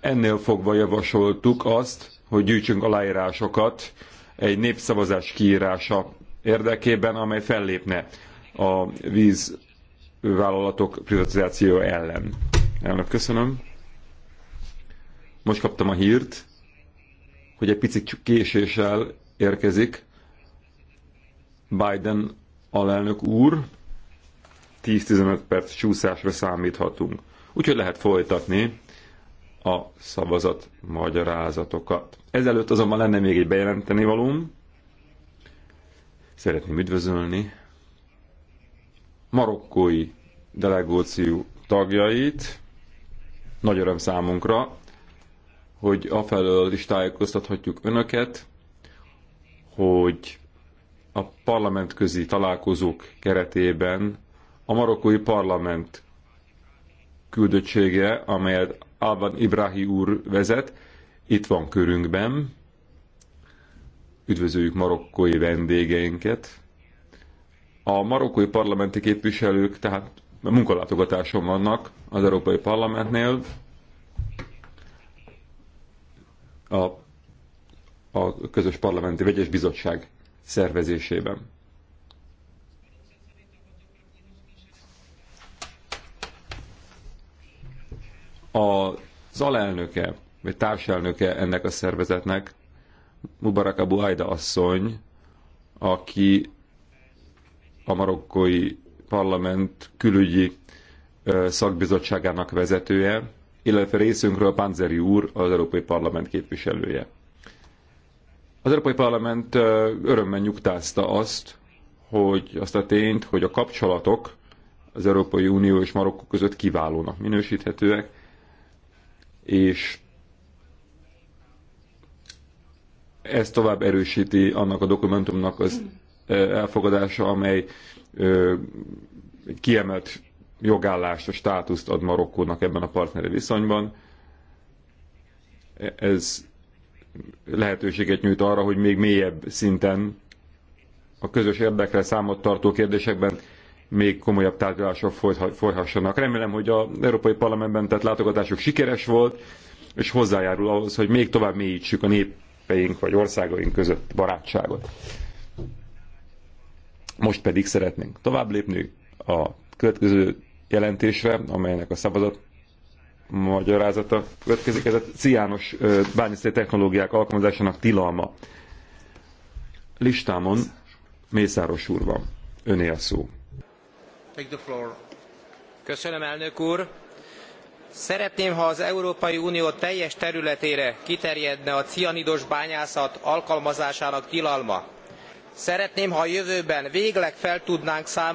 Ennél fogva javasoltuk azt, hogy gyűjtsünk aláírásokat egy népszavazás kiírása érdekében, amely fellépne a vízvállalatok privatizáció ellen. Elnök, köszönöm. Most kaptam a hírt, hogy egy picit késéssel érkezik Biden alelnök úr. 10-15 perc csúszásra számíthatunk. Úgyhogy lehet folytatni a szavazat magyarázatokat. Ezelőtt azonban lenne még egy bejelenteni valóm. Szeretném üdvözölni marokkói delegáció tagjait. Nagy öröm számunkra, hogy afelől is tájékoztathatjuk önöket, hogy a parlamentközi találkozók keretében a marokkói parlament küldöttsége, amelyet Alban Ibrahi úr vezet, itt van körünkben. Üdvözöljük marokkói vendégeinket. A marokkói parlamenti képviselők tehát munkalátogatáson vannak az Európai Parlamentnél. A, a közös parlamenti vegyes bizottság szervezésében. Az alelnöke, vagy társelnöke ennek a szervezetnek, Mubarak Abu Aida asszony, aki a marokkói parlament külügyi szakbizottságának vezetője, illetve részünkről Panzeri úr, az Európai Parlament képviselője. Az Európai Parlament örömmel nyugtázta azt, hogy azt a tényt, hogy a kapcsolatok az Európai Unió és Marokkó között kiválónak minősíthetőek, és ez tovább erősíti annak a dokumentumnak az elfogadása, amely kiemelt jogállást, a státuszt ad Marokkónak ebben a partneri viszonyban. Ez lehetőséget nyújt arra, hogy még mélyebb szinten a közös érdekre számot tartó kérdésekben még komolyabb tárgyalások folyhassanak. Remélem, hogy az Európai Parlamentben tett látogatások sikeres volt, és hozzájárul ahhoz, hogy még tovább mélyítsük a népeink vagy országaink között barátságot. Most pedig szeretnénk tovább lépni a következő jelentésre, amelynek a szavazat magyarázata következik, ez a ciános bányászati technológiák alkalmazásának tilalma. Listámon Mészáros úr van, öné a szó szeretném ha az európai unió teljes területére kiterjedne a cianidos bányászat alkalmazásának tilalma. szeretném ha a jövőben végleg fel tudnánk számolni a cianidos bányászat